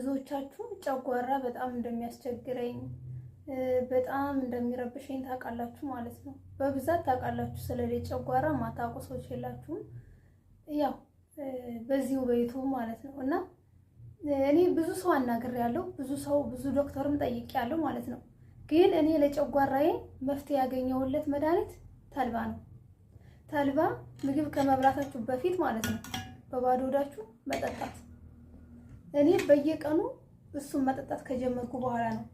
ብዙዎቻችሁ ጨጓራ በጣም እንደሚያስቸግረኝ በጣም እንደሚረብሸኝ ታውቃላችሁ ማለት ነው። በብዛት ታውቃላችሁ። ስለሌ ጨጓራ ማታውቁ ሰዎች የላችሁም። ያው በዚሁ በይቱ ማለት ነው እና እኔ ብዙ ሰው አናግሬያለሁ። ብዙ ሰው ብዙ ዶክተርም ጠይቄያለሁ ማለት ነው። ግን እኔ ለጨጓራዬ መፍትሄ ያገኘሁለት መድኃኒት ተልባ ነው። ተልባ ምግብ ከመብላታችሁ በፊት ማለት ነው በባዶ ሆዳችሁ መጠጣት እኔ በየቀኑ እሱን መጠጣት ከጀመርኩ በኋላ ነው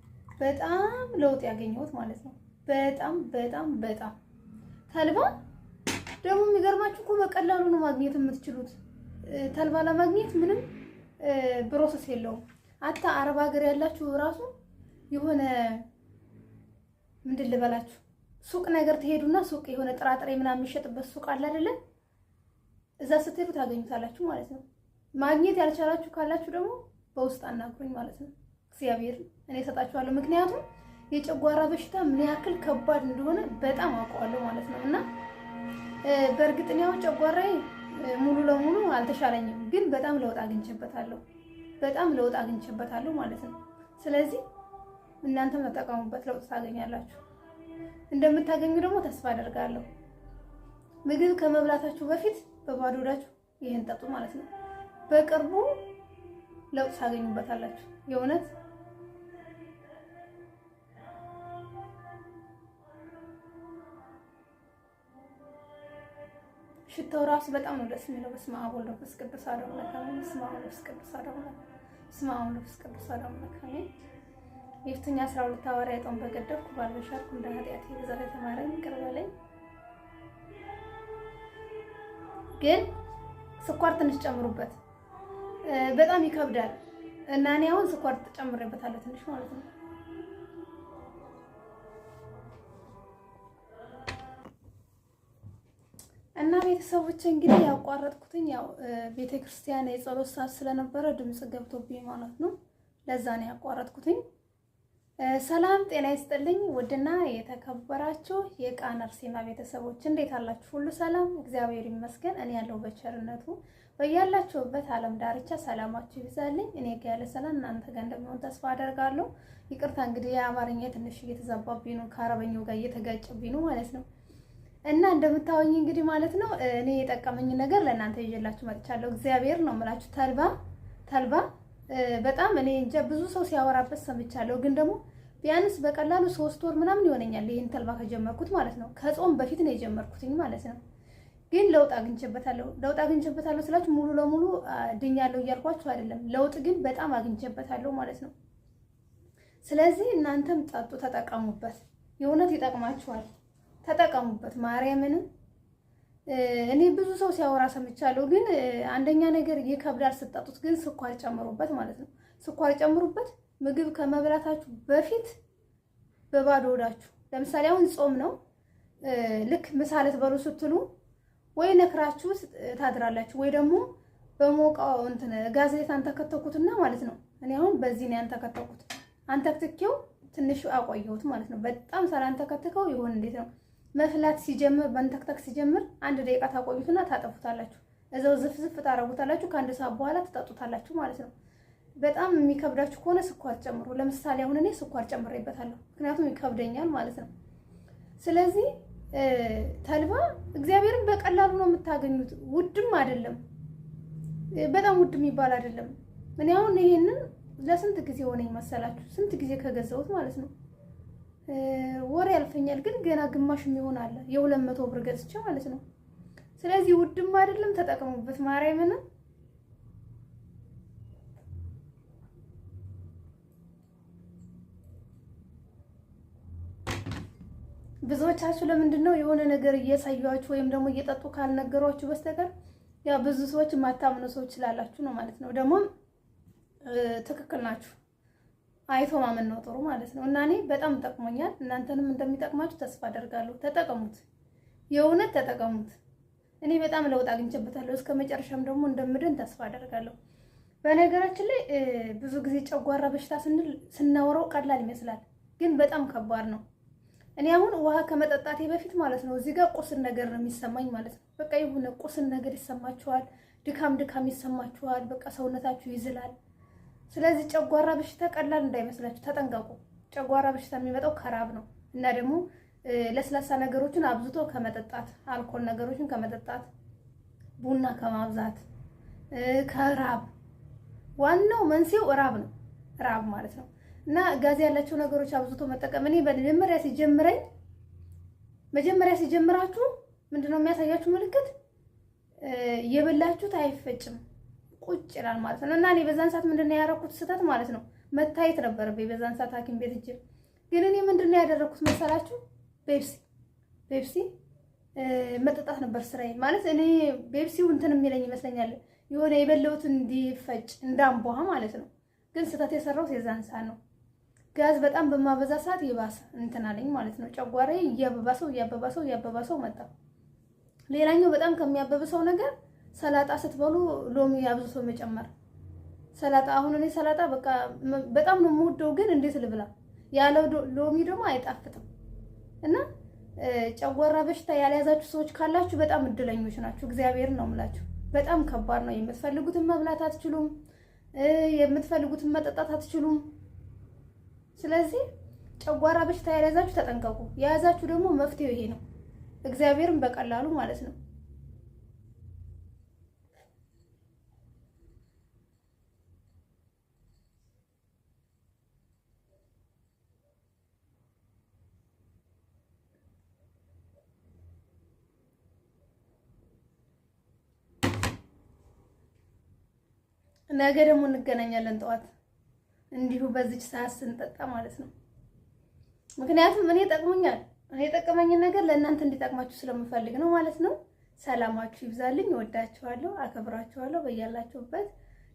በጣም ለውጥ ያገኘሁት ማለት ነው። በጣም በጣም በጣም ተልባ ደግሞ የሚገርማችሁ እኮ በቀላሉ ነው ማግኘት የምትችሉት። ተልባ ለማግኘት ምንም ፕሮሰስ የለውም። አታ አረብ ሀገር ያላችሁ ራሱ የሆነ ምንድን ልበላችሁ ሱቅ ነገር ትሄዱና ሱቅ የሆነ ጥራጥሬ ምናምን የሚሸጥበት ሱቅ አለ አይደለ? እዛ ስትሄዱ ታገኙታላችሁ ማለት ነው። ማግኘት ያልቻላችሁ ካላችሁ ደግሞ በውስጥ አናግሩኝ ማለት ነው። እግዚአብሔር እኔ እሰጣችኋለሁ። ምክንያቱም የጨጓራ በሽታ ምን ያክል ከባድ እንደሆነ በጣም አውቀዋለሁ ማለት ነው። እና በእርግጥ እኔ አሁን ጨጓራዬ ሙሉ ለሙሉ አልተሻለኝም፣ ግን በጣም ለውጥ አግኝቼበታለሁ። በጣም ለውጥ አግኝቼበታለሁ ማለት ነው። ስለዚህ እናንተም ተጠቀሙበት፣ ለውጥ ታገኛላችሁ። እንደምታገኙ ደግሞ ተስፋ አደርጋለሁ። ምግብ ከመብላታችሁ በፊት በባዶ ሆዳችሁ ይህን ጠጡ ማለት ነው። በቅርቡ ለውጥ ታገኙበታላችሁ። የእውነት ሽታው ራሱ በጣም ነው ደስ የሚለው። በስመ አብ ወወልድ ወመንፈስ ቅዱስ አሐዱ አምላክ በስመ አብ ወወልድ ወመንፈስ ቅዱስ አሐዱ አምላክ በስመ አብ ወወልድ ወመንፈስ ቅዱስ አሐዱ አምላክ አሜን። አስራ ሁለት ሐዋርያ በገደብኩ ባልበሻርኩ እንደ ኃጢአቴ ተማረኝ ይቅር በለኝ። ግን ስኳር ትንሽ ጨምሩበት። በጣም ይከብዳል እና እኔ አሁን ስኳር ተጨምሬበታለሁ ትንሽ ማለት ነው። እና ቤተሰቦች እንግዲህ ያቋረጥኩትኝ ያው ቤተ ክርስቲያን የጸሎት ሰዓት ስለነበረ ድምፅ ገብቶብኝ ማለት ነው። ለዛ ነው ያቋረጥኩትኝ። ሰላም ጤና ይስጥልኝ። ውድና የተከበራችሁ የቃና አርሴማ ቤተሰቦች እንዴት አላችሁ? ሁሉ ሰላም፣ እግዚአብሔር ይመስገን። እኔ ያለው በቸርነቱ በያላችሁበት ዓለም ዳርቻ ሰላማችሁ ይብዛልኝ። እኔ ጋ ያለ ሰላም እናንተ ጋር እንደሚሆን ተስፋ አደርጋለሁ። ይቅርታ እንግዲህ የአማርኛ ትንሽ እየተዛባብኝ ነው፣ ከአረበኛው ጋር እየተጋጨብኝ ነው ማለት ነው። እና እንደምታወኝ እንግዲህ ማለት ነው እኔ የጠቀመኝ ነገር ለእናንተ ይዤላችሁ መጥቻለሁ። እግዚአብሔር ነው የምላችሁ። ተልባ ተልባ በጣም እኔ እንጃ ብዙ ሰው ሲያወራበት ሰምቻለሁ፣ ግን ደግሞ ቢያንስ በቀላሉ ሶስት ወር ምናምን ይሆነኛል ይህን ተልባ ከጀመርኩት ማለት ነው። ከጾም በፊት ነው የጀመርኩትኝ ማለት ነው። ግን ለውጥ አግኝቼበታለሁ። ለውጥ አግኝቼበታለሁ ስላችሁ ሙሉ ለሙሉ ድኛለሁ እያልኳችሁ አይደለም። ለውጥ ግን በጣም አግኝቼበታለሁ ማለት ነው። ስለዚህ እናንተም ጠጡ፣ ተጠቀሙበት። የእውነት ይጠቅማችኋል፣ ተጠቀሙበት። ማርያምንም እኔ ብዙ ሰው ሲያወራ ሰምቻለሁ። ግን አንደኛ ነገር ይከብዳል ስጠጡት፣ ግን ስኳር ጨምሩበት ማለት ነው። ስኳር ጨምሩበት። ምግብ ከመብላታችሁ በፊት በባዶ ወዳችሁ ለምሳሌ አሁን ጾም ነው። ልክ ምሳ ልትበሉ ስትሉ ወይ ነክራችሁ ታድራላችሁ፣ ወይ ደግሞ በሞቃው እንትን ጋዜጣን ተከተኩትና አንተከተኩትና ማለት ነው። እኔ አሁን በዚህ ነው ያንተከተኩት። አንተክትኬው ትንሽ አቆየሁት ማለት ነው። በጣም ሳላንተከትከው ይሆን እንዴት ነው መፍላት ሲጀምር በንተክተክ ሲጀምር አንድ ደቂቃ ታቆዩትና ታጠፉታላችሁ። እዛው ዝፍዝፍ ታረጉታላችሁ። ከአንድ ሰዓት በኋላ ትጠጡታላችሁ ማለት ነው። በጣም የሚከብዳችሁ ከሆነ ስኳር ጨምሩ። ለምሳሌ አሁን እኔ ስኳር ጨምሬበታለሁ፣ ምክንያቱም ይከብደኛል ማለት ነው። ስለዚህ ተልባ እግዚአብሔርን በቀላሉ ነው የምታገኙት። ውድም አይደለም፣ በጣም ውድ የሚባል አይደለም። እኔ አሁን ይሄንን ለስንት ጊዜ ሆነኝ መሰላችሁ? ስንት ጊዜ ከገዛሁት ማለት ነው ወር ያልፈኛል። ግን ገና ግማሽ የሚሆን አለ የሁለት መቶ ብር ገዝቼ ማለት ነው። ስለዚህ ውድም አይደለም፣ ተጠቀሙበት ማርያምን ብዙዎቻችሁ ለምንድን ነው የሆነ ነገር እያሳያችሁ ወይም ደግሞ እየጠጡ ካልነገሯችሁ በስተቀር ያ ብዙ ሰዎች የማታምኑ ሰዎች ስላላችሁ ነው ማለት ነው። ደግሞ ትክክል ናችሁ። አይቶ ማመን ነው ጥሩ ማለት ነው። እና እኔ በጣም ጠቅሞኛል። እናንተንም እንደሚጠቅማችሁ ተስፋ አደርጋለሁ። ተጠቀሙት፣ የእውነት ተጠቀሙት። እኔ በጣም ለውጥ አግኝቼበታለሁ። እስከ መጨረሻም ደግሞ እንደምድን ተስፋ አደርጋለሁ። በነገራችን ላይ ብዙ ጊዜ ጨጓራ በሽታ ስንል ስናወራው ቀላል ይመስላል፣ ግን በጣም ከባድ ነው። እኔ አሁን ውሃ ከመጠጣቴ በፊት ማለት ነው እዚህ ጋር ቁስን ነገር ነው የሚሰማኝ ማለት ነው። በቃ የሆነ ቁስን ነገር ይሰማችኋል፣ ድካም ድካም ይሰማችኋል፣ በቃ ሰውነታችሁ ይዝላል። ስለዚህ ጨጓራ በሽታ ቀላል እንዳይመስላችሁ ተጠንቀቁ። ጨጓራ በሽታ የሚመጣው ከራብ ነው እና ደግሞ ለስላሳ ነገሮችን አብዝቶ ከመጠጣት፣ አልኮል ነገሮችን ከመጠጣት፣ ቡና ከማብዛት፣ ከራብ ዋናው መንስኤው ራብ ነው። ራብ ማለት ነው። እና ጋዝ ያላቸው ነገሮች አብዝቶ መጠቀም እኔ በመጀመሪያ ሲጀምረኝ መጀመሪያ ሲጀምራችሁ ምንድነው የሚያሳያችሁ ምልክት የበላችሁት አይፈጭም ቁጭ ይላል ማለት ነው። እና እኔ በዛን ሰዓት ምንድነው ያደረኩት ስህተት ማለት ነው መታየት ነበረብኝ በዛን ሰዓት ሐኪም ቤት እጅ ግን እኔ ምንድነው ያደረኩት መሰላችሁ ፔፕሲ ፔፕሲ መጠጣት ነበር ስራዬ። ማለት እኔ ቤብሲው እንትን የሚለኝ ይመስለኛል የሆነ የበለውት እንዲፈጭ እንዳንቧ ማለት ነው። ግን ስህተት የሰራሁት የዛን ሰዓት ነው። ጋዝ በጣም በማበዛ ሰዓት ይባስ እንትን አለኝ ማለት ነው። ጨጓሬ እያበባሰው እያበባሰው እያበባሰው መጣ። ሌላኛው በጣም ከሚያበብሰው ነገር ሰላጣ ስትበሉ ሎሚ አብዝቶ መጨመር። ሰላጣ አሁን እኔ ሰላጣ በቃ በጣም ነው የምወደው፣ ግን እንዴት ልብላ ያለው ሎሚ ደግሞ አይጣፍጥም። እና ጨጓራ በሽታ ያልያዛችሁ ሰዎች ካላችሁ በጣም እድለኞች ናችሁ። እግዚአብሔር ነው የምላችሁ። በጣም ከባድ ነው። የምትፈልጉትን መብላት አትችሉም። የምትፈልጉትን መጠጣት አትችሉም። ስለዚህ ጨጓራ በሽታ የያዛችሁ ተጠንቀቁ። የያዛችሁ ደግሞ መፍትሄው ይሄ ነው። እግዚአብሔርን በቀላሉ ማለት ነው። ነገ ደግሞ እንገናኛለን ጠዋት እንዲሁ በዚች ሰዓት ስንጠጣ ማለት ነው። ምክንያቱም እኔ ጠቅሞኛል። እኔ የጠቀመኝን ነገር ለእናንተ እንዲጠቅማችሁ ስለምፈልግ ነው ማለት ነው። ሰላማችሁ ይብዛልኝ። ወዳችኋለሁ፣ አከብራችኋለሁ። በያላችሁበት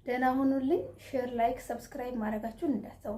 ደህና ሁኑልኝ። ሼር፣ ላይክ፣ ሰብስክራይብ ማድረጋችሁን እንዳትተው።